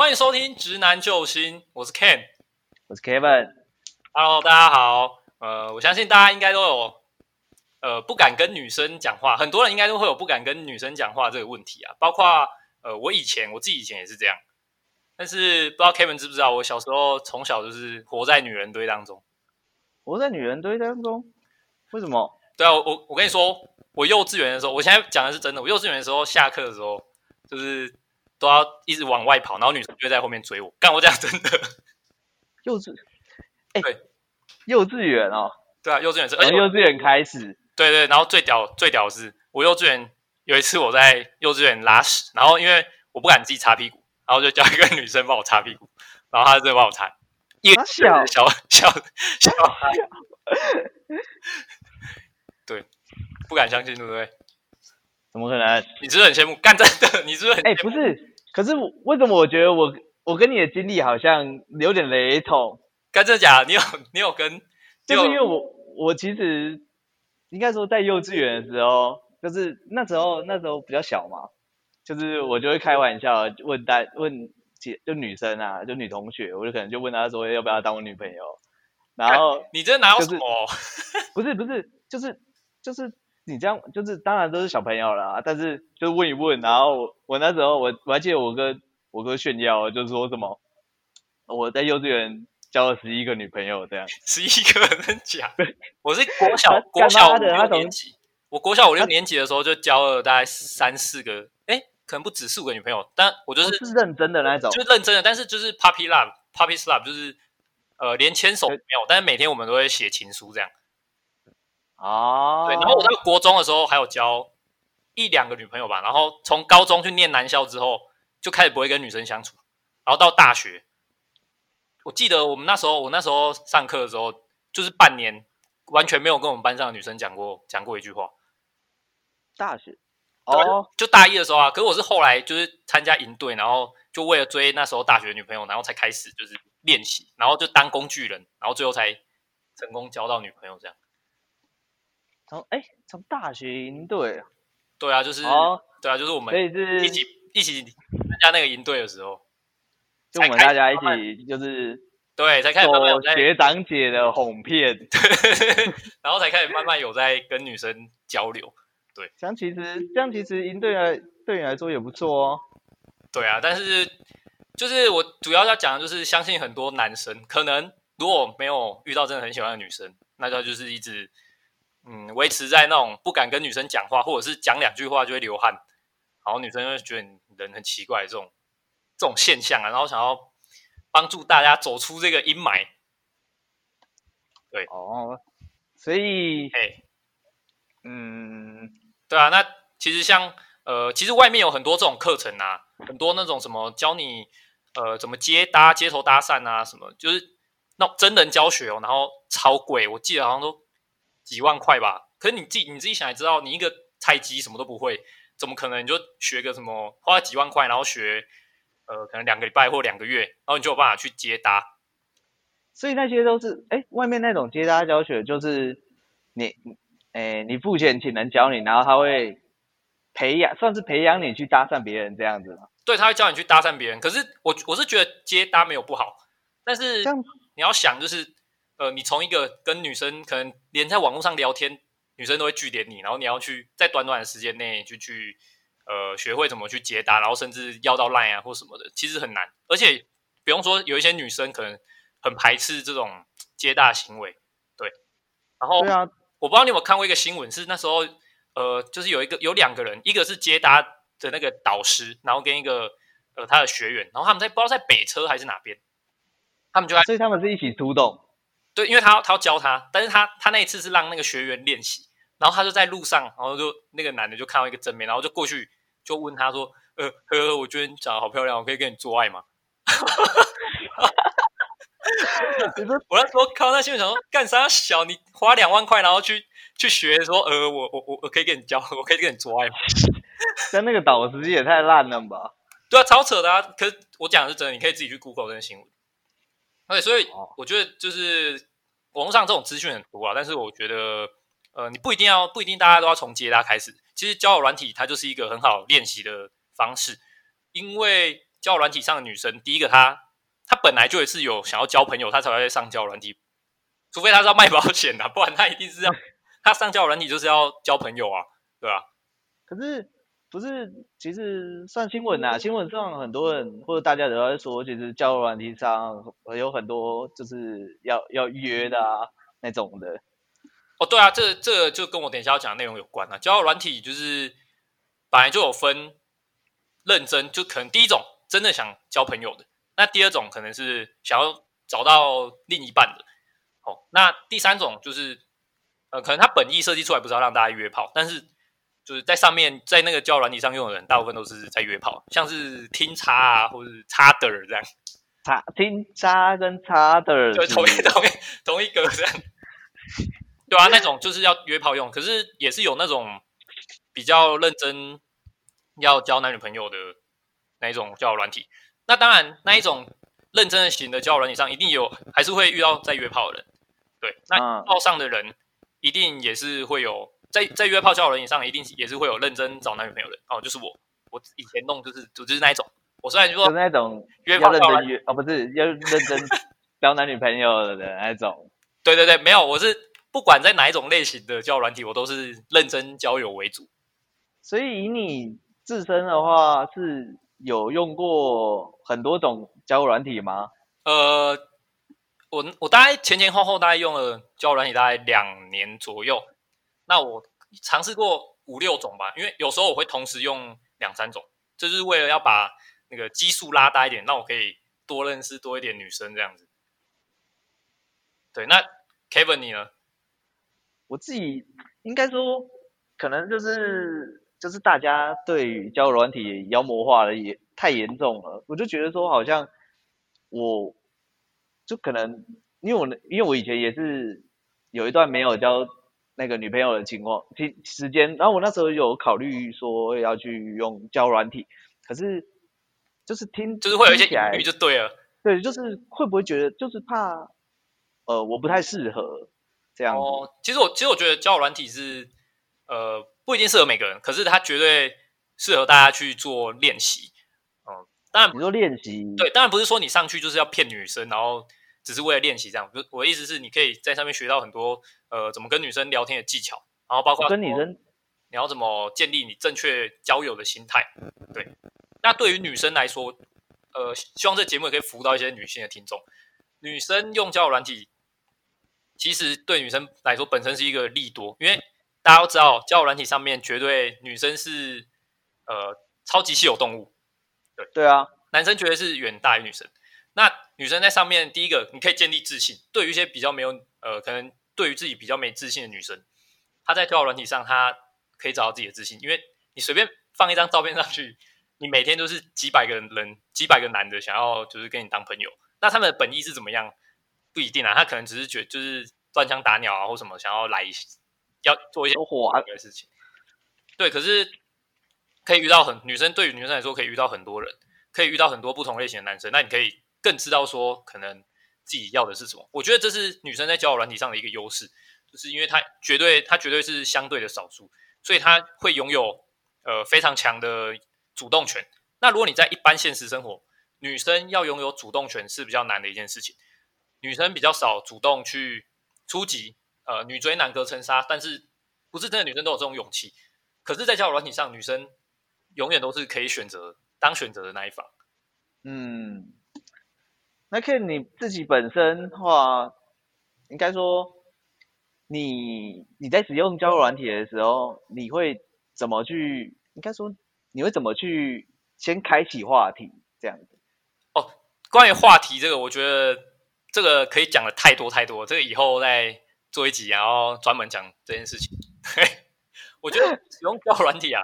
歡迎收聽《直男救星》，我是 Ken，我是 Kevin。Hello，大家好。呃，我相信大家應該都有，呃，不敢跟女生講話。很多人應該都會有不敢跟女生講話這個問題啊。包括呃，我以前我自己以前也是這樣。但是不知道 Kevin 知不知道，我小時候從小就是活在女人堆當中。活在女人堆當中？為什麼？對啊，我我跟你說，我幼稚園的時候，我現在講的是真的。我幼稚園的時候，下課的時候就是。都要一直往外跑，然後女生就在後面追我。幹，我這樣真的，幼，欸、對幼稚，哎，幼稚園哦，對啊，幼稚園是，而且幼稚園開始。欸、對，對對，然後最屌最屌是，我幼稚園有一次我在幼稚園拉屎，然後因為我不敢自己擦屁股，然後就叫一個女生幫我擦屁股，然後她就幫我擦，也、啊、小小小小孩，啊、小對，不敢相信，對不對？怎麼可能、啊？你只是，是很羨慕，幹真的，你只是，是很哎、欸，不是。可是為什麼我覺得我我跟你的經歷好像有點雷同？跟的講你有你有跟？有，就是因為我我其實應該說在幼稚園的時候，就是那時候，那時候比較小嘛，就是我就會開玩笑問大問姐，就女生啊，就女同學，我就可能就問她說，要不要當我女朋友？然後、就是啊、你這哪有什麼？ 不是不是，就是就是。你這樣就是當然都是小朋友啦，但是就是問一問，然後我，我那時候我我還記得我跟我哥炫耀，就是說什麼我在幼稚園交了十一個女朋友這樣，十一個真假？的對？我是小 國小國小五六年級，他他他我國小五六年級的時候就交了大概三他四個，哎、欸，可能不止四五個女朋友，但我就是，我是認真的那種，就是認真的，但是就是 puppy love，puppy love 就是呃，連牽手沒有，欸、但是每天我們都會寫情書這樣。哦，oh, 對，然後我在國中的時候還有交一兩個女朋友吧，然後從高中去念男校之後，就開始不會跟女生相處，然後到大學，我記得我們那時候，我那時候上課的時候，就是半年完全沒有跟我們班上的女生講過講過一句話。大學哦、oh，對，就大一的時候啊，可是我是後來就是參加營隊，然後就為了追那時候大學的女朋友，然後才開始就是練習，然後就當工具人，然後最後才成功交到女朋友這樣。從哎，從、欸、大學營隊，對啊，就是，哦、對啊，就是我們一起以是一起參加那個營隊的時候，就我們大家一起慢慢 就是對，才開始在學長姐的哄騙，慢慢 然後才開始慢慢有在跟女生交流。對，這樣其實這樣其實營隊來對你來說也不錯哦。對啊，但是就是我主要要講的就是，相信很多男生可能如果沒有遇到真的很喜歡的女生，那他就，就是一直。嗯，維持在那種不敢跟女生講話，或者是講兩句話就會流汗，然後女生就會覺得人很奇怪，這種這種現象啊，然後想要幫助大家走出這個陰霾。對哦，所以哎，嗯，對啊，那其實像呃，其實外面有很多這種課程啊，很多那種什麼教你呃怎麼接搭、街頭搭訕啊什麼，就是那真人教學哦，然後超貴，我記得好像都。幾萬塊吧，可是你自己你自己想也知道，你一個菜雞什麼都不會，怎麼可能你就學個什麼花幾萬塊，然後學呃可能兩個禮拜或兩個月，然後你就有辦法去接搭，所以那些都是哎外面那種接搭教學，就是你哎你付錢請人教你，然後他會培養，算是培養你去搭訕別人這樣子嗎？對，他會教你去搭訕別人。可是我我是覺得接搭沒有不好，但是你要想就是。呃，你從一個跟女生可能連在網絡上聊天，女生都會句點你，然後你要去在短短的時間內就去呃學會怎麼去接搭，然後甚至要到賴啊或什麼的，其實很難。而且比方說，有一些女生可能很排斥這種接搭行為，對。然後，對啊，我不知道你有沒有看過一個新聞，是那時候呃，就是有一個有兩個人，一個是接搭的那個導師，然後跟一個呃他的學員，然後他們在不知道在北車還是哪邊，他們就在，所以他們是一起出動。對，因為他他要教他，但是他他那一次是讓那個學員練習，然後他就在路上，然後就那個男的就看到一個正面，然後就過去就問他說：“呃呃，我覺得你長得好漂亮，我可以跟你做愛嗎？”哈哈哈哈哈！我在說，看到那新聞，想說干啥小？你花兩萬塊，然後去去學說，呃，我我我我可以跟你教，我可以跟你做愛嗎？ 但那個導師也太爛了吧？對啊，超扯的啊！可是我講的是真的，你可以自己去 Google 這新聞。對，okay, 所以我覺得就是網絡上這種資訊很多啊，但是我覺得，呃，你不一定要，不一定大家都要從街搭開始。其實交友軟體它就是一個很好練習的方式，因為交友軟體上的女生，第一個她她本來就也是有想要交朋友，她才會上交軟體，除非她是要賣保險的、啊，不然她一定是要她上交軟體就是要交朋友啊，對吧、啊？可是。不是，其實算新聞吶、啊。新聞上很多人或者大家都在說，其實交友軟體上有很多就是要要約的啊、嗯、那種的。哦，對啊，這個、這個就跟我等一下要講的內容有關啊。交友軟體就是本來就有分認真，就可能第一種真的想交朋友的，那第二種可能是想要找到另一半的。哦，那第三種就是呃，可能他本意設計出來不是要讓大家約炮，但是。就是在上面，在那個交軟體上用的人，大部分都是在約炮，像是聽叉啊，或者是插的這樣，插聽叉跟插的，對，同一同一同一個這樣，對啊，那種就是要約炮用，可是也是有那種比較認真要交男女朋友的那一種交軟體，那當然那一種認真的型的交軟體上一定有，還是會遇到在約炮的人，對，那炮上的人一定也是會有。在在約炮交友軟體上，一定也是會有認真找男女朋友的哦。就是我，我以前弄就是就是那一種。我雖然就說就那種約炮，哦不是，要認真找男女朋友的那種。 對對對，沒有，我是不管在哪一種類型的交友軟體，我都是認真交友為主。所以以你自身的話，是有用過很多種交友軟體嗎？呃，我我大概前前後後大概用了交友軟體大概兩年左右。那我嘗試過五六種吧，因為有時候我會同時用兩三種，就是為了要把那個基數拉大一點，讓我可以多認識多一點女生這樣子。對，那 Kevin，你呢？我自己應該說，可能就是就是大家對交友軟體妖魔化的也太嚴重了，我就覺得說好像我就可能因為我因為我以前也是有一段沒有交。那個女朋友的情況，時時間，然後我那時候有考慮說要去用交軟體，可是就是聽就是會有一些疑慮就對了，對，就是會不會覺得就是怕，呃，我不太適合這樣，哦，其實我其實我覺得交軟體是呃不一定適合每個人，可是它絕對適合大家去做練習。哦、嗯，當然你說練習對，當然不是說你上去就是要騙女生，然後。只是為了練習這樣，不，我的意思是，你可以在上面學到很多，呃，怎麼跟女生聊天的技巧，然後包括跟女生，你要怎麼建立你正確交友的心態。對，那對於女生來說，呃，希望這節目也可以服務到一些女性的聽眾。女生用交友軟體，其實對女生來說本身是一個利多，因為大家都知道，交友軟體上面絕對女生是呃超級稀有動物。對。對啊，男生絕對是遠大於女生。那女生在上面，第一個你可以建立自信。對於一些比較沒有呃，可能對於自己比較沒自信的女生，她在交友軟體上，她可以找到自己的自信。因為你隨便放一張照片上去，你每天都是幾百個人，幾百個男的想要就是跟你當朋友。那他們的本意是怎麼樣？不一定啊，他可能只是覺得就是亂槍打鳥啊，或什麼想要來要做一些火的事情。對，可是可以遇到很女生，對於女生來說可以遇到很多人，可以遇到很多不同類型的男生。那你可以。更知道說可能自己要的是什麼，我覺得這是女生在交友軟體上的一個優勢，就是因為她絕對她絕對是相對的少數，所以她會擁有呃非常強的主動權。那如果你在一般現實生活，女生要擁有主動權是比較難的一件事情，女生比較少主動去出擊，呃，女追男隔層紗，但是不是真的女生都有這種勇氣？可是，在交友軟體上，女生永遠都是可以選擇當選擇的那一方。嗯。那看你自己本身的話，應該說你你在使用交友軟體的時候，你會怎麼去？應該說你會怎麼去先開啟話題這樣子？哦，關於話題這個，我覺得這個可以講的太多太多，這個以後再做一集，然後專門講這件事情。 我覺得 使用交友軟體啊，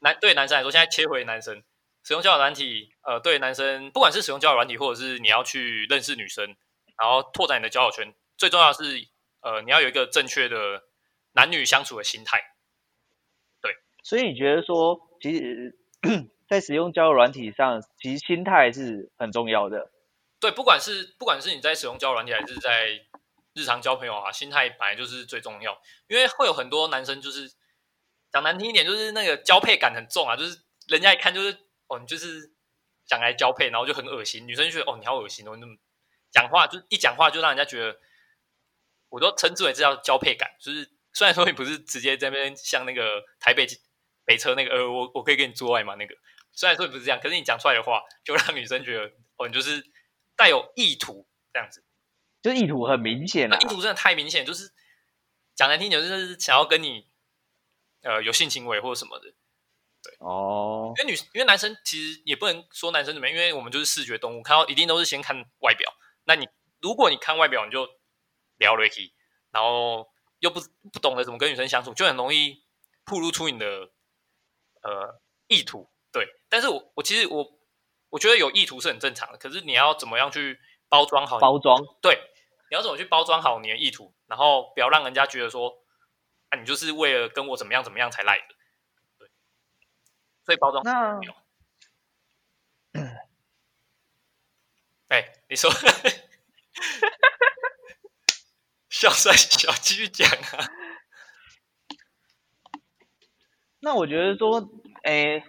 男對男生來說，現在切回男生。使用交友軟體，呃，對男生，不管是使用交友軟體，或者是你要去認識女生，然後拓展你的交友圈，最重要是，呃，你要有一個正確的男女相處的心態。對，所以你覺得說，其實，呃，在使用交友軟體上，其實心態是很重要的。對，不管是不管是你在使用交友軟體，還是在日常交朋友啊，心態本來就是最重要，因為會有很多男生就是講難聽一點，就是那個交配感很重啊，就是人家一看就是。哦，你就是想來交配，然後就很噁心。女生就覺得哦，你好噁心哦，那麼講話，就是一講話就讓人家覺得，我都稱之為這叫交配感。就是雖然說你不是直接在那邊像那個台北北車那個，呃，我我可以跟你做愛嗎？那個雖然說也不是這樣，可是你講出來的話，就讓女生覺得哦，你就是帶有意圖這樣子，就意圖很明顯。那意圖真的太明顯，就是講難聽點，就是想要跟你呃有性行為或什麼的。哦，對 oh. 因為女，因為男生其實也不能說男生怎麼樣，因為我們就是視覺動物，看到一定都是先看外表。那你如果你看外表，你就聊 Ricky 然後又不不懂得怎麼跟女生相處，就很容易暴露出你的呃意圖。對，但是我我其實我我覺得有意圖是很正常的，可是你要怎麼樣去包裝好？包裝，對，你要怎麼去包裝好你的意圖，然後不要讓人家覺得說，啊你就是為了跟我怎麼樣怎麼樣才來的。對包裝那 有。那，哎，你說， 小帥，小繼續講啊。那我覺得說，哎，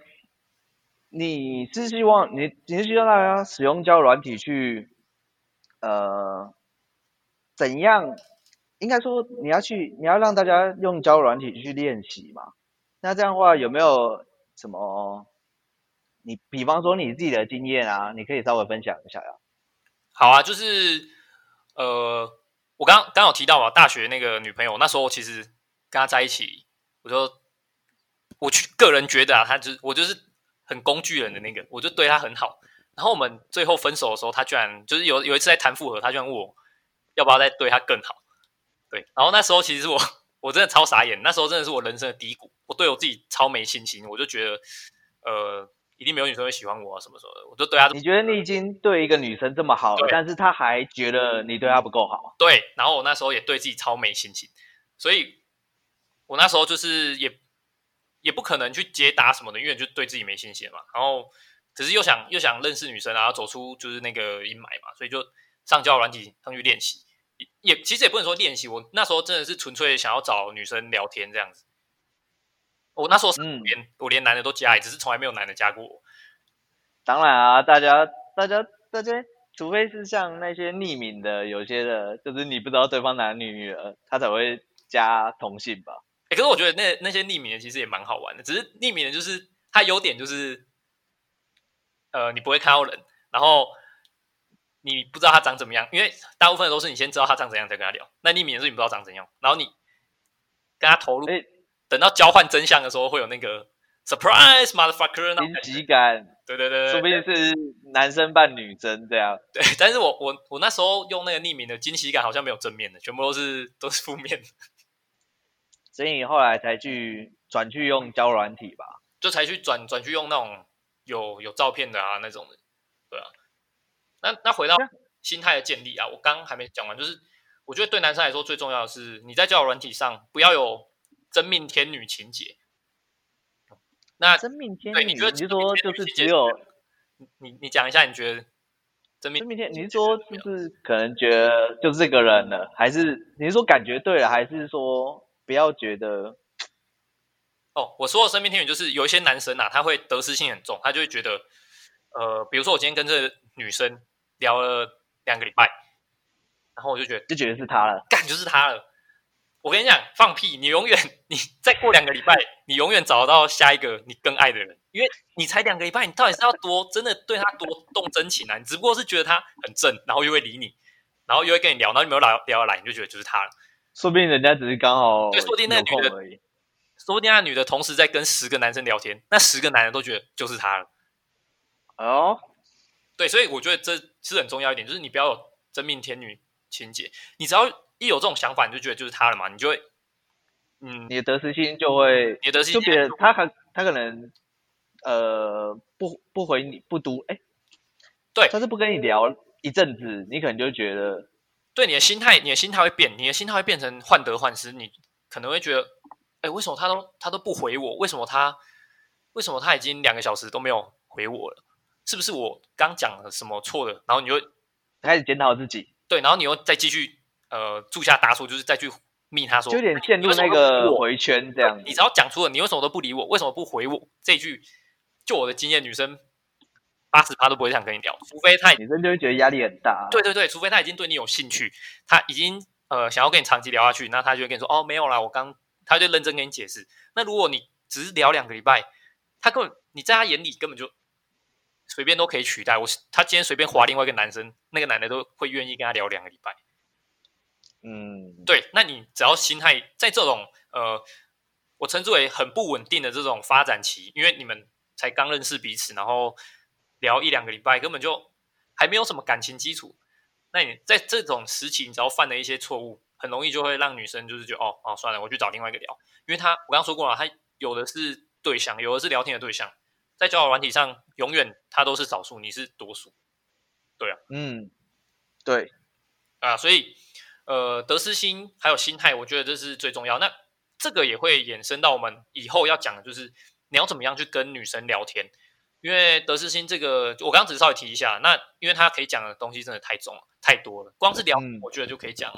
你是希望你你是希望大家使用交軟體去，呃，怎樣？應該說你要去，你要讓大家用交軟體去練習嘛。那這樣的話有沒有？什麼？你比方說你自己的經驗啊，你可以稍微分享一下呀。好啊，就是呃，我剛剛剛有提到嘛，大學那個女朋友，那時候其實跟她在一起，我就我去個人覺得啊，她就是、我就是很工具人的那個，我就對她很好。然後我們最後分手的時候，她居然就是有有一次在談復合，她居然問我要不要再對她更好。對，然後那時候其實我。我真的超傻眼，那時候真的是我的人生的低谷，我對我自己超沒信心，我就覺得，呃，一定沒有女生會喜歡我、啊、什麼什麼的，我就對她就。你覺得你已經對一個女生這麼好了，對但是她還覺得你對她不夠好？對，然後我那時候也對自己超沒信心，所以我那時候就是也也不可能去解答什麼的，因為就對自己沒信心嘛。然後，可是又想又想認識女生然後走出就是那個陰霾嘛，所以就上交軟體上去練習。也其實也不能說練習，我那時候真的是純粹想要找女生聊天這樣子。我那時候是連、嗯、我連男的都加，也只是從來沒有男的加過我。當然啊，大家大家大家，除非是像那些匿名的，有些的，就是你不知道對方男女女兒，他才會加同性吧。哎、欸，可是我覺得那那些匿名的其實也蠻好玩的，只是匿名的，就是它優點就是，呃，你不會看到人，然後。你不知道他長怎麼樣，因為大部分的都是你先知道他長怎樣再跟他聊。那匿名也是你不知道長怎樣，然後你跟他投入，欸，等到交換真相的時候，會有那個誒 surprise motherfucker 那種驚喜感。對對，對對對，說不定是男生扮女生這樣。對，對，但是我我我那時候用那個匿名的驚喜感，好像沒有正面的，全部都是都是負面的。所以後來才去轉去用交友軟體吧，就才去轉轉去用那種有有照片的啊那種的，對啊。那那回到心態的建立啊，我剛還沒講完，就是我覺得對男生來說最重要的是，你在交友軟體上不要有真命天女情結。那真命天女，你說就是只有你你講一下，你覺得真命天女？你是說就是可能覺得就是這個人了，還是你是說感覺對了，還是說不要覺得？哦，我說的真命天女就是有一些男生吶、啊，他會得失心很重，他就會覺得呃，比如說我今天跟這個女生。聊了兩個禮拜，然後我就覺得就覺得是他了，幹就是他了。我跟你講，放屁！你永遠你再過兩個禮拜， 你永遠找得到下一個你更愛的人，因為你才兩個禮拜，你到底是要多 真的對他多動真情啊？你只不過是覺得他很正，然後又會理你，然後又會跟你聊，然後沒有聊來聊得來，你就覺得就是他了。說不定人家只是剛好，就說不定那個女的，說不定那個女的同時在跟十個男生聊天，那十個男的都覺得就是他了。哦。Oh? 對，所以我覺得這是很重要一點，就是你不要有真命天女情結。你只要一有這種想法，你就覺得就是他了嘛，你就會，嗯，你的得失心就會，你的心就覺得他很，他可能，呃，不不回你，不讀，哎，對，他是不跟你聊一陣子，你可能就覺得，對你的心態，你的心態，你的心態會變，你的心態會變成患得患失，你可能會覺得，哎，為什麼他都他都不回我？為什麼他，為什麼他已經兩個小時都沒有回我了？是不是我剛講了什麼錯的，然後你就開始檢討自己？對，然後你又再繼續呃，注下答數，就是再去密他說，就有點陷入那個不入回圈這樣子、啊。你只要講出了，你為什麼都不理我？為什麼不回我？這句，就我的經驗，女生八十趴都不會想跟你聊，除非她女生就會覺得壓力很大、啊。對對對，除非她已經對你有興趣，她已經呃想要跟你長期聊下去，那她就會跟你說哦沒有啦，我剛她就認真跟你解釋。那如果你只是聊兩個禮拜，她根本你在她眼裡根本就。隨便都可以取代我，他今天隨便滑另外一個男生，嗯、那個男的都會願意跟他聊兩個禮拜。嗯，對，那你只要心態在這種呃，我稱之為很不穩定的這種發展期，因為你們才剛認識彼此，然後聊一兩個禮拜，根本就還沒有什麼感情基礎。那你在這種時期，你只要犯了一些錯誤，很容易就會讓女生就是覺得哦哦算了，我去找另外一個聊，因為他我剛剛說過了，他有的是對象，有的是聊天的對象。在交友軟體上，永遠它都是少數，你是多數。對啊，嗯，對，啊，所以，呃，得失心還有心態，我覺得這是最重要。那這個也會延伸到我們以後要講的，就是你要怎麼樣去跟女生聊天。因為得失心這個，我剛剛只是稍微提一下。那因為它可以講的東西真的太重了，太多了，光是聊，我覺得就可以講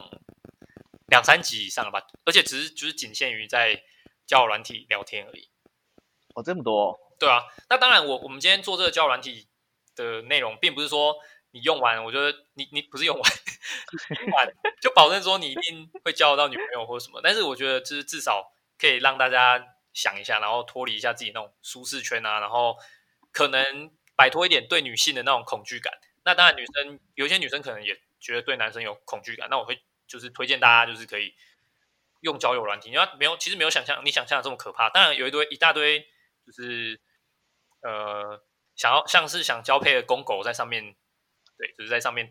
兩三集以上了吧。嗯、而且只是就是僅限於在交友軟體聊天而已。哦，這麼多、哦。對啊，那當然我，我我們今天做這個交友軟體的內容，並不是說你用完，我覺得你你不是用完，用 完就保證說你一定會交得到女朋友或什麼，但是我覺得，就是至少可以讓大家想一下，然後脫離一下自己那種舒適圈啊，然後可能擺脫一點對女性的那種恐懼感。那當然，女生有一些女生可能也覺得對男生有恐懼感。那我會就是推薦大家，就是可以用交友軟體，你要沒有其實沒有想象你想象的這麼可怕。當然有一堆一大堆就是。呃，想要像是想交配的公狗在上面，對，就是在上面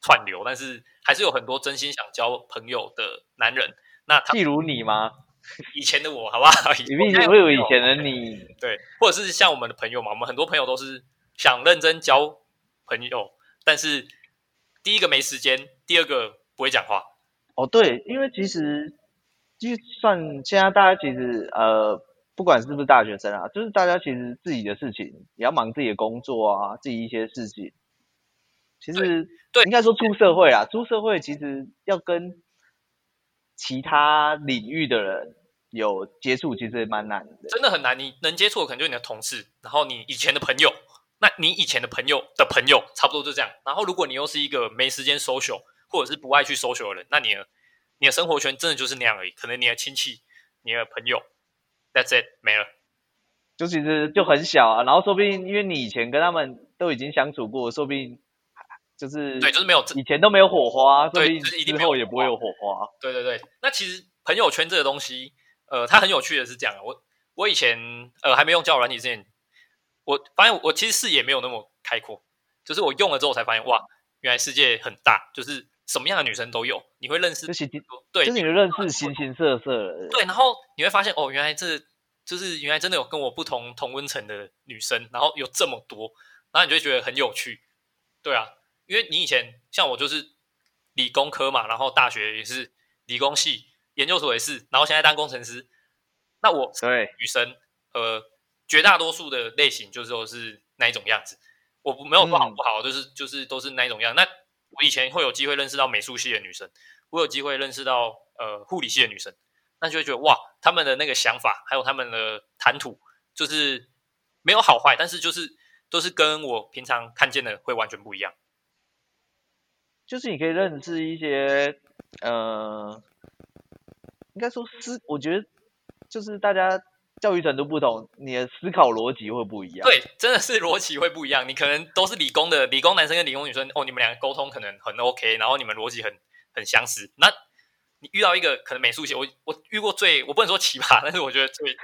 串流，但是還是有很多真心想交朋友的男人。那，譬如你嗎？ 以前的我，好不好？你們以前會有以前的你，對，對，或者是像我們的朋友嘛，我們很多朋友都是想認真交朋友，但是第一個沒時間，第二個不會講話。哦，對，因為其實就算現在大家其實呃。不管是不是大學生啊，就是大家其實自己的事情也要忙自己的工作啊，自己一些事情。其實，對，應該說出社會啊，出社會其實要跟其他領域的人有接觸，其實蠻難的。真的很難，你能接觸的可能就是你的同事，然後你以前的朋友，那你以前的朋友的朋友，差不多就這樣。然後，如果你又是一個沒時間 social 或者是不愛去 social 的人，那你的你的生活圈真的就是那樣而已。可能你的親戚，你的朋友。That's it，沒了，就其實就很小啊。然後說不定因為你以前跟他們都已經相處過，說不定就是對，就是沒有以前都沒有火花，所以以後也不會有火花，就是，有火花。對對對，那其實朋友圈這個東西，呃，它很有趣的是這樣。我我以前呃還沒用交友軟體之前，我發現我其實視野沒有那麼開闊，就是我用了之後我才發現，哇，原來世界很大，就是。什麼樣的女生都有，你會認識這些？就其，對，就你的認識形形色色。對，對，然後你會發現哦，原來這就是原來真的有跟我不同同溫層的女生，然後有這麼多，然後你就會覺得很有趣。對啊，因為你以前像我就是理工科嘛，然後大學也是理工系，研究所也是，然後現在當工程師。那我對女生呃，絕大多數的類型就是說是那一種樣子，我不沒有不好不好，嗯、就是就是都是那一種樣那。我以前會有機會認識到美術系的女生，我有機會認識到呃護理系的女生，那就會覺得哇，他們的那個想法還有他們的談吐，就是沒有好壞，但是就是都是跟我平常看見的會完全不一樣。就是你可以認識一些呃，應該說是我覺得就是大家。教育程度不同，你的思考邏輯會不一樣。對，真的是邏輯會不一樣。你可能都是理工的，理工男生跟理工女生，哦，你們兩個溝通可能很 OK，然後你們邏輯很很相似。那，你遇到一個可能美術系，我我遇過最，我不能說奇葩，但是我覺得最，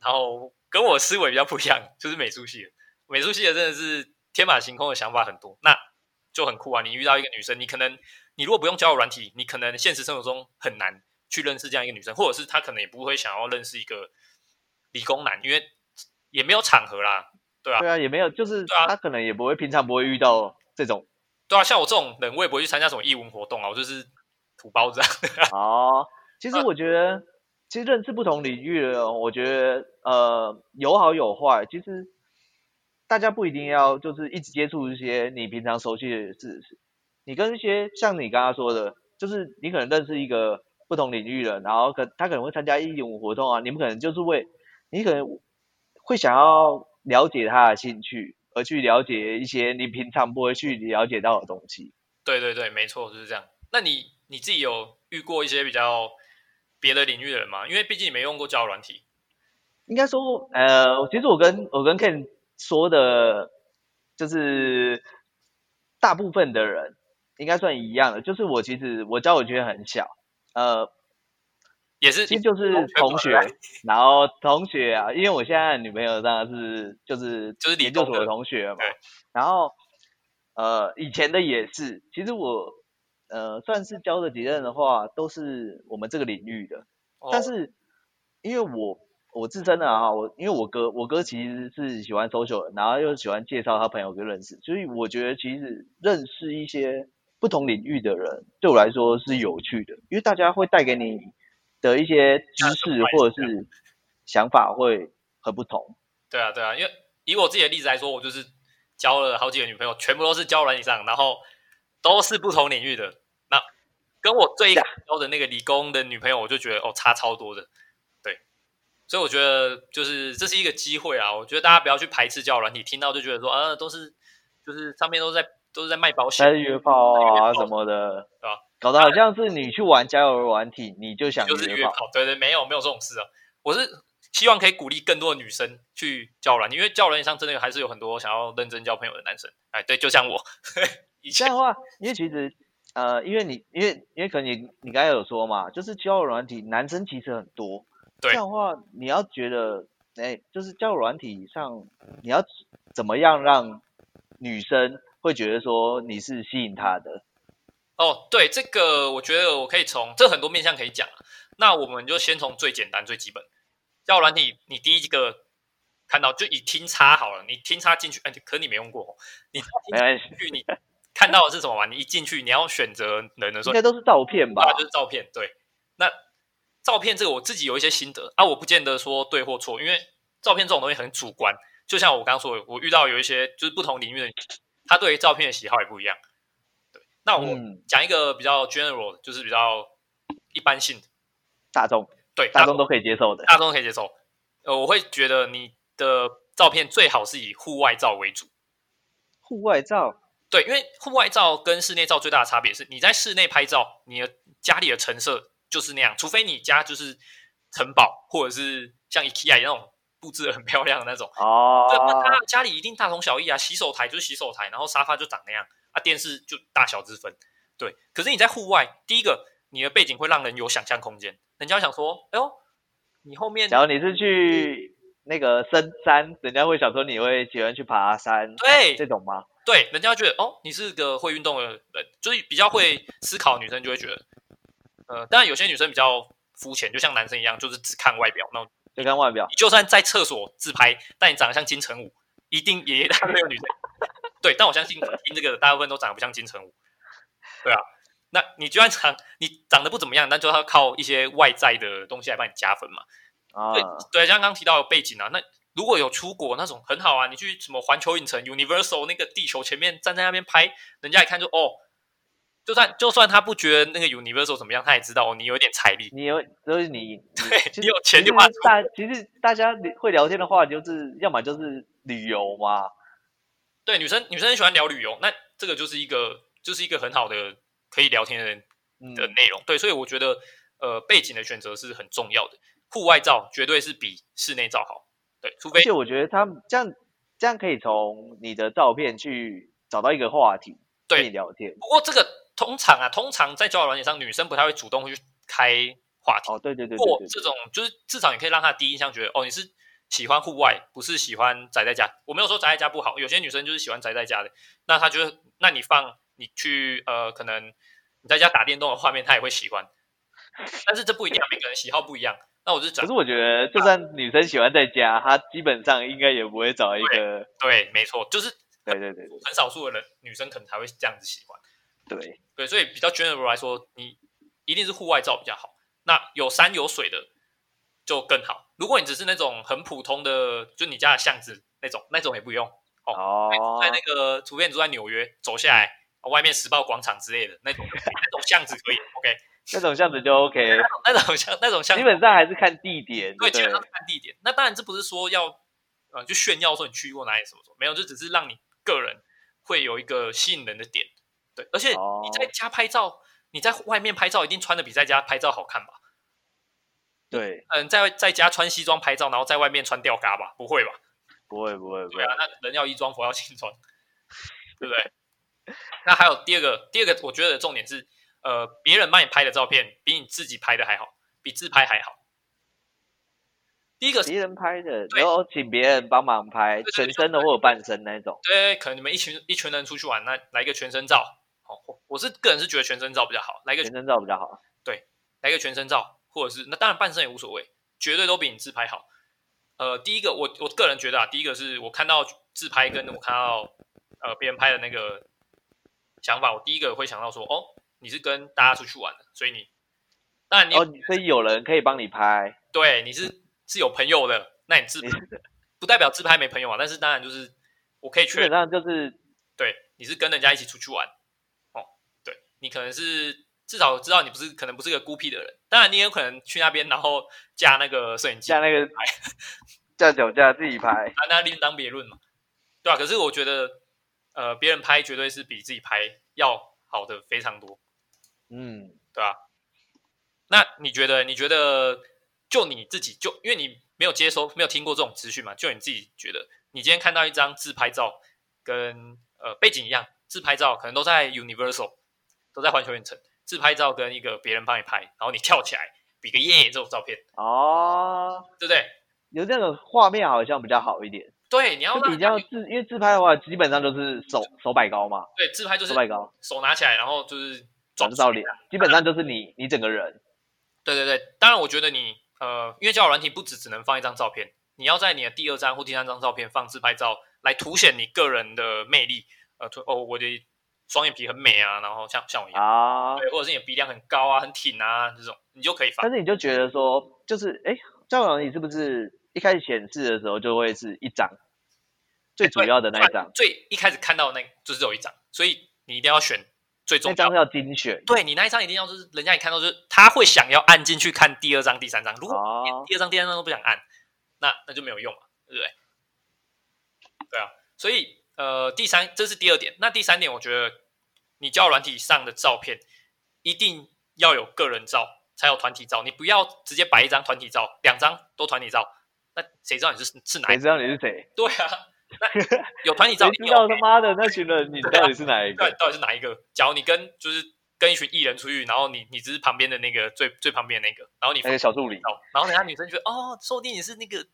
然後跟我的思維比較不一樣，就是美術系的。美術系的真的是天馬行空的想法很多，那就很酷啊。你遇到一個女生，你可能你如果不用交友軟體，你可能現實生活中很難去認識這樣一個女生，或者是她可能也不會想要認識一個。理工男，因為也沒有場合啦，對啊，對啊，也沒有，就是對啊，他可能也不會，啊、平常不會遇到這種，對啊，像我這種人，我也不會去參加什麼藝文活動啊，我就是土包子啊。哦，其實我覺得，啊、其實認識不同領域的人，嗯、我覺得呃有好有壞。其實大家不一定要就是一直接觸一些你平常熟悉的事，你跟一些像你剛剛說的，就是你可能認識一個不同領域的，然後可他可能會參加藝文活動啊，你們可能就是為。你可能會想要了解他的興趣，而去了解一些你平常不會去了解到的東西。對對對，沒錯，就是這樣。那你你自己有遇過一些比較別的領域的人嗎？因為畢竟你沒用過交友軟體。應該說，呃，其實我跟我跟 Ken 說的，就是大部分的人應該算一樣的。就是我其實我交友圈很小，呃。也是，其實就是同學，同學然後同學啊， 因為我現在女朋友當然是就是就是研究所的同學嘛， 然後呃以前的也是，其實我呃算是交的幾任的話，都是我們這個領域的，哦、但是因為我我自身的啊，我因為我哥我哥其實是喜歡 social 的，然後又喜歡介紹他朋友去認識，所以我覺得其實認識一些不同領域的人對我來說是有趣的，因為大家會帶給你。的一些知識或者是想法會很不同。對啊，啊，啊，對啊，因為以我自己的例子來說，我就是交了好幾個女朋友，全部都是交友軟體上，然後都是不同領域的。那跟我最一個交的那個理工的女朋友，我就覺得哦，差超多的。對，所以我覺得就是這是一個機會啊！我覺得大家不要去排斥交友軟體，你聽到就覺得說啊、呃，都是就是上面都在都是在賣保險、賣約炮啊什麼的，對吧、啊？搞得好像是你去玩交友軟體，唉你就想就是約炮，對對，沒有沒有這種事啊。我是希望可以鼓勵更多的女生去交軟，因為交友軟體上真的還是有很多想要認真交朋友的男生。哎，對，就像我。呵呵這樣的話，因為其實呃，因為你因為因為可能你你剛才有說嘛，就是交友軟體男生其實很多。對。這樣的話，你要覺得哎、欸，就是交友軟體上，你要怎麼樣讓女生會覺得說你是吸引她的？哦，對，這個我覺得我可以從這很多面向可以講。那我們就先從最簡單、最基本。要不然你你第一個看到就以 Tinder 好了。你 Tinder 進去，哎，可你沒用過。你 Tinder 進去，你看到的是什麼嘛？ 你一進去，你要選擇人的時候，應該都是照片吧、啊？就是照片，對。那照片這個，我自己有一些心得啊，我不見得說對或錯，因為照片這種東西很主觀。就像我剛剛說的，我遇到有一些就是不同領域的人，他對於照片的喜好也不一樣。那我講一個比較 general，、嗯、就是比較一般性的大眾宗，對大眾宗都可以接受的，大眾可以接受。呃，我會覺得你的照片最好是以戶外照為主。戶外照，對，因為戶外照跟室內照最大的差別是，你在室內拍照，你的家裡的成色就是那樣，除非你家就是城堡或者是像 IKEA 那種布置的很漂亮的那種。哦，對，那他家裡一定大同小異啊，洗手台就是洗手台，然後沙發就長那樣。啊，電視就大小之分，對。可是你在戶外，第一個你的背景會讓人有想象空間，人家想說，哎呦，你後面。假如你是去那個深山，嗯，人家會想說你會喜歡去爬山，對這種嗎？對，人家覺得哦，你是個會運動的人，就是比較會思考。女生就會覺得，呃，當然有些女生比較膚淺，就像男生一樣，就是只看外表。那只看外表，你就算在廁所自拍，但你長得像金城武，一定也一大堆女生。 對，但我相信，聽這個的大部分都長得不像金城武，對啊。那你就算長，你長得不怎麼樣，那就要靠一些外在的東西來幫你加分嘛。啊、對，對、啊，像剛剛提到的背景啊，那如果有出國那種很好啊，你去什麼環球影城、Universal 那個地球前面，站在那邊拍，人家一看就哦，就算就算他不覺得那個 Universal 怎麼樣，他也知道、哦、你有點財力。你有就是你，你對實你有錢就怕。大其實大家會聊天的話，你就是要麼就是旅遊嘛。對女生，女生很喜歡聊旅遊，那這個就是一個就是一個很好的可以聊天的人的內容。嗯、對，所以我覺得呃，背景的選擇是很重要的，戶外照絕對是比室內照好。對，除非而且我覺得他這樣這樣可以從你的照片去找到一個話題，對，聊天。不過這個通常啊，通常在交友軟件上，女生不太會主動去開話題。哦，對對對，對過，過這種就是至少你可以讓她第一印象覺得哦，你是。喜歡戶外，不是喜歡宅在家。我沒有說宅在家不好，有些女生就是喜歡宅在家的。那她就，那你放你去呃，可能你在家打電動的畫面，她也會喜歡。但是這不一定，每個人喜好不一樣。 那我就講。可是我覺得，就算女生喜歡在家，她、啊、基本上應該也不會找一個。對，對，沒錯，就是對對對，很少數的人，對對對對，女生可能才會這樣子喜歡。對對，所以比較 general 來說，你一定是戶外照比較好。那有山有水的就更好。如果你只是那種很普通的，就你家的巷子那種，那種也不用哦。Oh. 在那個圖片，住在紐約，走下來、嗯、外面時報廣場之類的那種， 那種巷子可以。 OK， 那種巷子就 OK。那種巷，那種巷子基本上還是看地點。對，對，基本上看地點。對那當然這不是說要呃，就炫耀說你去過哪裡什麼什麼，沒有，就只是讓你個人會有一個吸引人的點。對，而且你在家拍照，oh. 你在外面拍照，一定穿的比在家拍照好看吧？對，嗯，在在家穿西裝拍照，然後在外面穿吊嘎吧？不會吧？不會不會。不會啊，不會那人要衣裝，佛會要金裝，對不對？ 那還有第二個，第二個，我覺得重點是，呃，別人幫你拍的照片比你自己拍的還好，比自拍還好。第一個是別人拍的，對，請別人幫忙拍，對對對對，全身的或者半身那種。對，可能你們一群一群人出去玩，那來一個全身照。好，哦，我是個人是覺得全身照比較好，來一個全身照比較好。對，來一個全身照。或者是，那當然半身也無所謂，絕對都比你自拍好。呃，第一個，我我個人覺得啊，第一個是我看到自拍，跟我看到呃別人拍的那個想法，我第一個會想到說，哦，你是跟大家出去玩的，所以你，當然你哦，你所以有人可以幫你拍，對，你是是有朋友的，那你自拍你是不代表自拍沒朋友啊，但是當然就是我可以確認，那就是對，你是跟人家一起出去玩，哦，對你可能是。至少我知道你不是，可能不是一個孤僻的人。當然，你也有可能去那邊，然後架那個攝影機，架那個架腳架自己拍。 啊、那另當別論嘛，對吧、啊？可是我覺得，呃，別人拍絕對是比自己拍要好的非常多。嗯，對吧、啊？那你覺得？你覺得？就你自己就，就因為你沒有接收、沒有聽過這種資訊嘛？就你自己覺得，你今天看到一張自拍照跟，跟呃背景一樣，自拍照可能都在 Universal，都在環球影城。自拍照跟一個別人幫你拍，然後你跳起來比個耶、yeah, 這種照片哦，oh, 對不對？有這樣的畫面好像比較好一點。對，你要比較自，因為自拍的話基本上都是手就手擺高嘛。對，自拍就是手，手擺高，手拿起來然後就是轉照臉，啊、後基本上就是你你整個人。對對對，當然我覺得你呃，因為交友軟體不只只能放一張照片，你要在你的第二張或第三張照片放自拍照來凸顯你個人的魅力。呃，凸哦，我覺得。雙眼皮很美啊，然後像像我一樣啊，對，或者是你鼻樑很高啊、很挺啊這種，你就可以發。但是你就覺得說，就是欸，校長，教你是不是一開始顯示的時候就會是一張最主要的那一張？欸對啊，最一開始看到的那，就是有一張，所以你一定要選最重要的那張要精選。對，對你那一張一定要，就是人家一看到，就是他會想要按進去看第二張、第三張。如果你第二張、第三張都不想按，那那就沒有用嘛，對不對？對啊，所以。呃，第三，這是第二點。那第三點，我覺得你交軟體上的照片一定要有個人照，才有團體照。你不要直接擺一張團體照，兩張都團體照，那誰知道你是是哪？誰知道你是誰？對啊，那有團體照，你 知道他媽的那群人？你到底是哪一個？對啊，到底是哪一個？假如你跟就是跟一群藝人出去，然後你你只是旁邊的那個最最旁邊的那個，然後你那個、哎、小助理，然後人家女生覺得哦，說不定你是那個。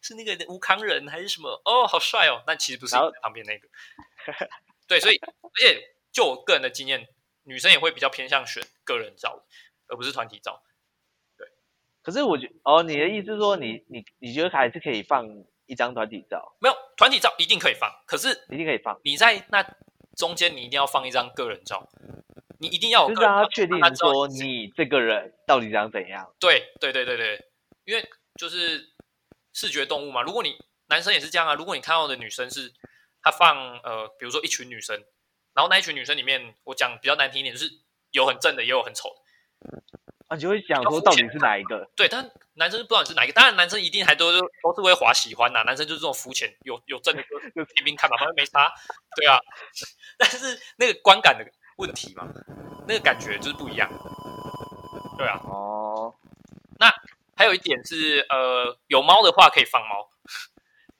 是那個吳康仁還是什麼？哦，好帥哦！但其實不是旁邊那個。然後 對，所以而且就我個人的經驗，女生也會比較偏向選個人照，而不是團體照。對。可是我覺得哦，你的意思是說你，你你你覺得還是可以放一張團體照？沒有，團體照一定可以放，可是一定可以放。你在那中間，你一定要放一張個人照。你一定要有個人照，確定說你這個人到底想怎樣？對對對對對，因為就是。視覺動物嘛，如果你男生也是這樣啊，如果你看到的女生是她放呃，比如說一群女生，然後那一群女生裡面，我講比較難聽一點，就是有很正的，也有很醜的啊，你會想說到底是哪一個？對，但男生不知道你是哪一個，當然男生一定還都是都是會滑喜歡哪、啊，男生就是這種膚淺，有有正的就就平民看嘛， 反正沒差，對啊，但是那個觀感的問題嘛，那個感覺就是不一樣，對啊，哦，那。還有一點是，呃，有貓的話可以放貓，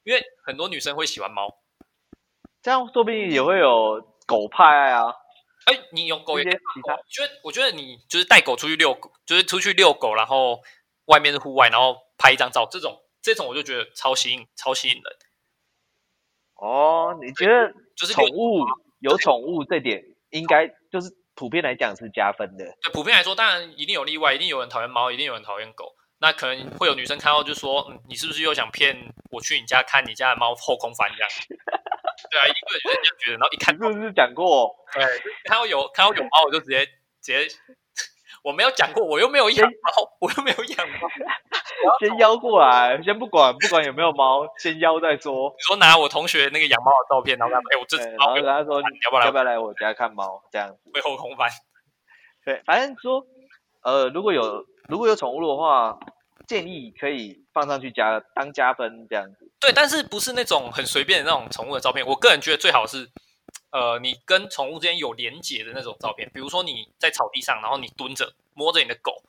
因為很多女生會喜歡貓，這樣說不定也會有狗派啊。哎，欸，你有狗也放狗，他我覺我覺得你就是帶狗出去遛，狗，就是出去遛狗，然後外面是戶外，然後拍一張照，這種這種我就覺得超吸引超吸引人。哦，你覺得寵就是寵物有寵物這點，應該就是普遍來講是加分的，對。對，普遍來說，當然一定有例外，一定有人討厭貓，一定有人討厭狗。那可能會有女生看到就說，你是不是又想騙我去你家看你家的貓後空翻這樣？對啊，一個人就覺得，然後一看，是不是講過？對，看到有看到有貓，我就直接直接，我沒有講過，我又沒有養貓，我又沒有養貓，先邀過來，先不管不管有沒有貓，先邀再說。你說拿我同學那個養貓的照片，然後幹嘛？哎，我這然後跟他說，你要不要要不要來我家看貓這樣？會後空翻。對，反正說，呃，如果有。如果有寵物的話，建議可以放上去加當加分這樣子。對，但是不是那種很隨便的那種寵物的照片。我個人覺得最好是，呃，你跟寵物之間有連接的那種照片。比如說你在草地上，然後你蹲着摸着你的狗。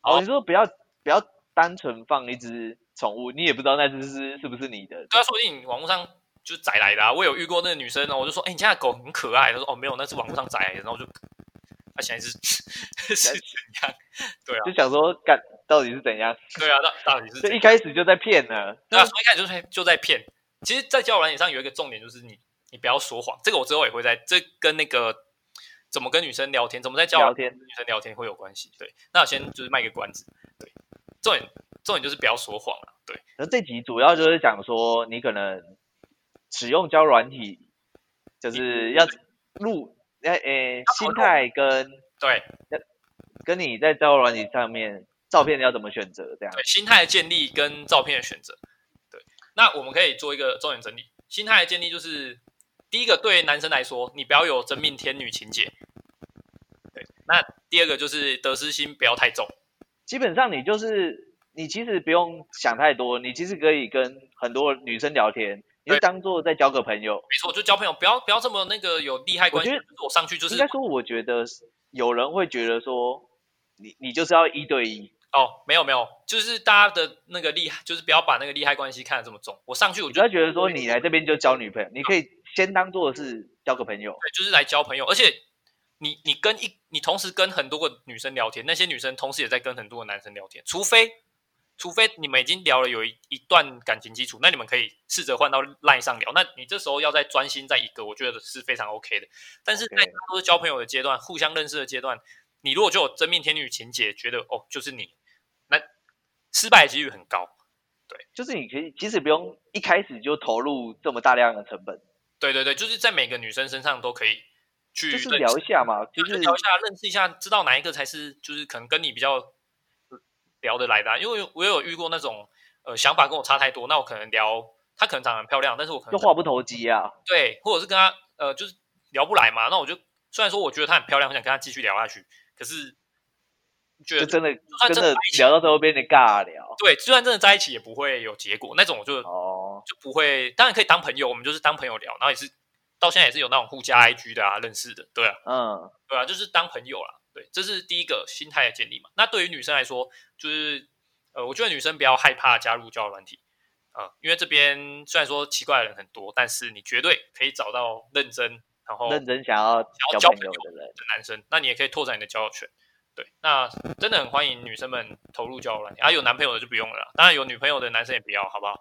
好哦，你說不要不要單純放一隻寵物，你也不知道那隻是是不是你的。對啊，說不定你網絡上就載來的啊。我有遇過那個女生，我就說，哎、欸，你家的狗很可愛。她說，哦，沒有，那是網絡上載來的。然後我就。 他想、啊、是是怎樣？對啊，就想說幹到底是怎樣？對啊，到到底是一開始就在騙呢？對啊，從一開始就在就在騙。其實，在交友軟件上有一個重點就是，你你不要說謊，這個我之後也會在，這跟那個怎麼跟女生聊天，怎麼在交聊天女生聊天會有關係。對，那我先就是賣個關子。對，重點重點就是不要說謊了。對，那這集主要就是講說你可能使用交友軟體，就是要錄。哎哎，心態跟對，跟跟你在交友軟件上面照片你要怎麼選擇？這樣，對，心態的建立跟照片的選擇，對。那我們可以做一個重點整理，心態的建立就是第一個，對於男生來說，你不要有真命天女情節，對。那第二個就是得失心不要太重，基本上你就是你其實不用想太多，你其實可以跟很多女生聊天。你就當做在交個朋友，沒錯，就交朋友，不要不要這麼那個有利害關係。我，我上去就是應該說，我覺得有人會覺得說你，你你就是要一對一。哦，沒有沒有，就是大家的那個利害，就是不要把那個利害關係看得這麼重。我上去，我就覺得說，你來這邊就交女朋友，對，你可以先當做是交個朋友。對，就是來交朋友。而且你你跟一，你同時跟很多個女生聊天，那些女生同時也在跟很多個男生聊天，除非。除非你們已經聊了有一一段感情基礎，那你們可以試着換到賴上聊。那你這時候要再專心在一個，我覺得是非常 OK 的。但是在都是交朋友的階段、Okay. 互相認識的階段，你如果就有真命天女情節，覺得哦就是你，那失敗幾率很高。對，就是你可以，其實不用一開始就投入這麼大量的成本。對對對，就是在每個女生身上都可以去就是聊一下嘛，就是聊一下，一下、認識一下，知道哪一個才是就是可能跟你比較聊得來的啊，因為我有遇過那種，呃，想法跟我差太多，那我可能聊，她可能長得很漂亮，但是我可能就話不投機啊，對，或者是跟她，呃，就是聊不來嘛，那我就雖然說我覺得她很漂亮，很想跟她繼續聊下去，可是覺得就就真的，就他真的聊到最後變得尬聊，對，就算真的在一起也不會有結果，那種我就哦，就不會，當然可以當朋友，我們就是當朋友聊，然後也是到現在也是有那種互加 IG 的啊，認識的，對啊，嗯，對啊，就是當朋友啦。對，這是第一個心態的建立嘛。那對於女生來說，就是呃，我覺得女生不要害怕加入交友軟體啊、呃，因為這邊雖然說奇怪的人很多，但是你絕對可以找到認真，然後認真想要交朋友的人男生。那你也可以拓展你的交友圈。對，那真的很歡迎女生們投入交友軟體 啊。有男朋友的就不用了，當然有女朋友的男生也不要，好不好？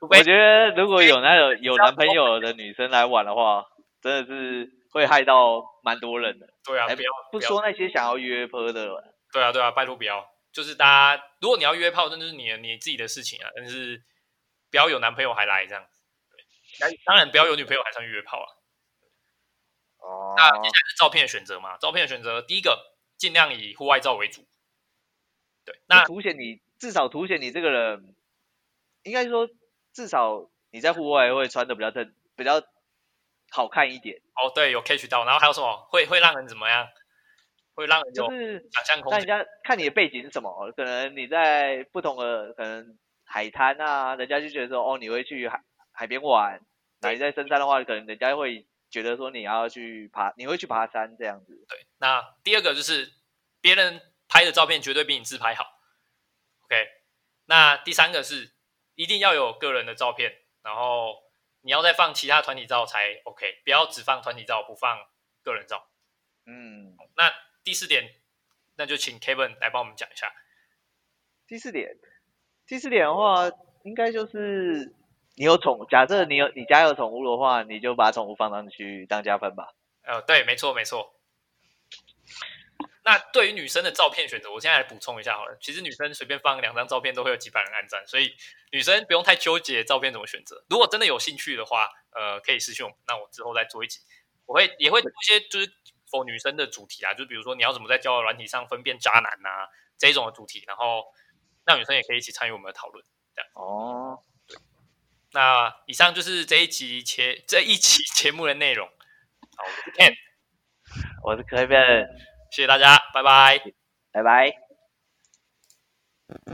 我覺得如果有那種、個、有男朋友的女生來玩的話，真的是。會害到蠻多人的，對啊，不，不要，不說那些想要約炮的人，對啊，對啊，拜託不要，就是大家，如果你要約炮，真的是你你自己的事情啊，但是不要有男朋友還來這樣子，對，當然不要有女朋友還上約炮啊。哦，那接下來是照片的選擇嘛。照片的選擇，第一個盡量以戶外照為主，對，那凸顯你至少凸顯你這個人，應該說至少你在戶外會穿的比較正，比較。好看一點哦，oh, 對，有 catch 到，然後還有什麼會會讓人怎麼樣？對會讓人就是想象空間、就是、人家看你的背景是什麼，可能你在不同的可能海灘啊，人家就覺得說哦，你會去海海邊玩，那你在深山的話，對可能人家會覺得說你要去爬，你會去爬山這樣子。對，那第二個就是別人拍的照片絕對比你自拍好。OK，那第三個是一定要有個人的照片，然後。你要再放其他團體照才 OK，不要只放團體照，不放個人照。嗯，那第四點，那就請 Kevin 來幫我們講一下。第四點，第四點的話，應該就是你有寵，假設你有，你家有寵物的話，你就把寵物放上去當加分吧。呃，對，沒錯，沒錯。那對於女生的照片選擇，我現在來補充一下好了。其實女生隨便放兩張照片都會有幾百人按讚，所以女生不用太糾結照片怎麼選擇。如果真的有興趣的話，呃，可以私訊我，那我之後再做一集，我會也會做一些就是，for 女生的主題啊，就是，比如說你要怎麼在交友軟體上分辨渣男啊這種的主題，然後讓女生也可以一起參與我們的討論。這樣哦對，那以上就是這一集節這一期節目的內容。好，我是 Ken，我是 Kevin。謝謝大家，拜拜，拜拜。